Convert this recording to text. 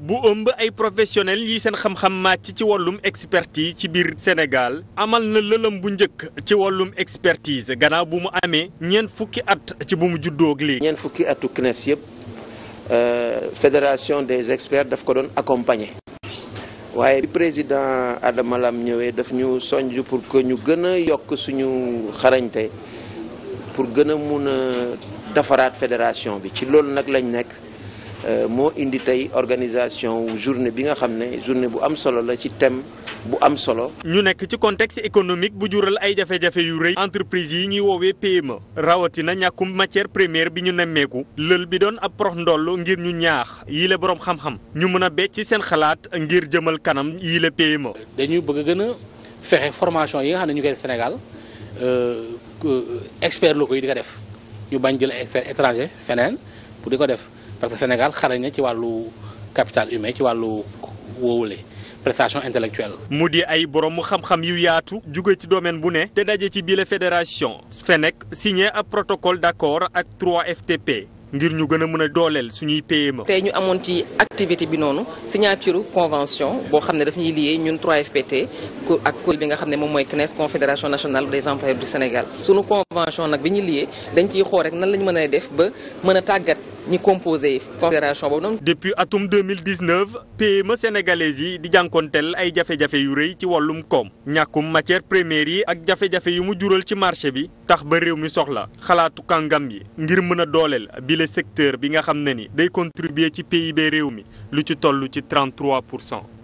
bu ëmb ay professionnels yi seen xam-xam màcc ci wàllum expertise ci biir Sénégal amal na lëlëm bu njëkk ci wàllum expertise gannaaw bu mu amee ñeent fukki at ci bu mu juddoo ak léegi. ñeent fukki atu CNES yëpp euh, fédération des experts daf ko doon accompagner. waaye président Adama Lam ñëwee daf ñu sonj pour que ñu gën a yokk suñu xarañte pour gën a mun a defaraat fédération bi ci loolu nag lañ nekk. Euh, moo indi tey organisation journée bi nga xam ne journée bu am solo la ci thème bu am solo. ñu nekk ci contexte économique bu jural ay jafe-jafe yu rëy. entreprise yi ñuy woowee PME. rawatina ñàkkum matière première bi ñu nemmeeku. lël bi doon ab prox ndoll ngir ñu ñaax yile boroom xam-xam. ñu mën a becc ci seen xalaat ngir jëmal kanam yile PME. dañuy bëgg gën a fexe formation yi nga xam ne ñu koy def Sénégal euh, euh, experts locaux yi di ko def ñu bañ jël expert étranger feneen pour di ko def. parce que Sénégal xarañ na ci wàllu capital humain ci wàllu woowule prestation intellectuelle. mu di ay borom xam-xam yu yaatu. jóge ci domaine bu ne. te daje ci biir fédération. FENEC signé ab protocole d'accord ak 3FTP ngir ñu gën a mën a dooleel suñuy PME. tey ñu amoon ci activité bi noonu signature convention boo xam ne daf ñuy lié ñun 3FPT ak kuréel bi nga xam ne moom mooy CNES confédération nationale des employeurs du Sénégal. suñu convention nag bi ñu lié dañ ciy xool rek nan la ñu mën def ba mën a tàggat. ñi composé fédération boobu depuis atum 2019 ma e sénégalaises yi di jànkonteel ay jafe-jafe yu rëy ci wàllum koom ñàkkum matière première yi ak jafe-jafe yu mu jural ci marché bi tax ba réew mi soxla xalaatu kàngam yi ngir mën a dooleel bile secteur bi nga xam ne ni day contribuer ci PIB réew mi lu ci tollu ci 33 pour cent.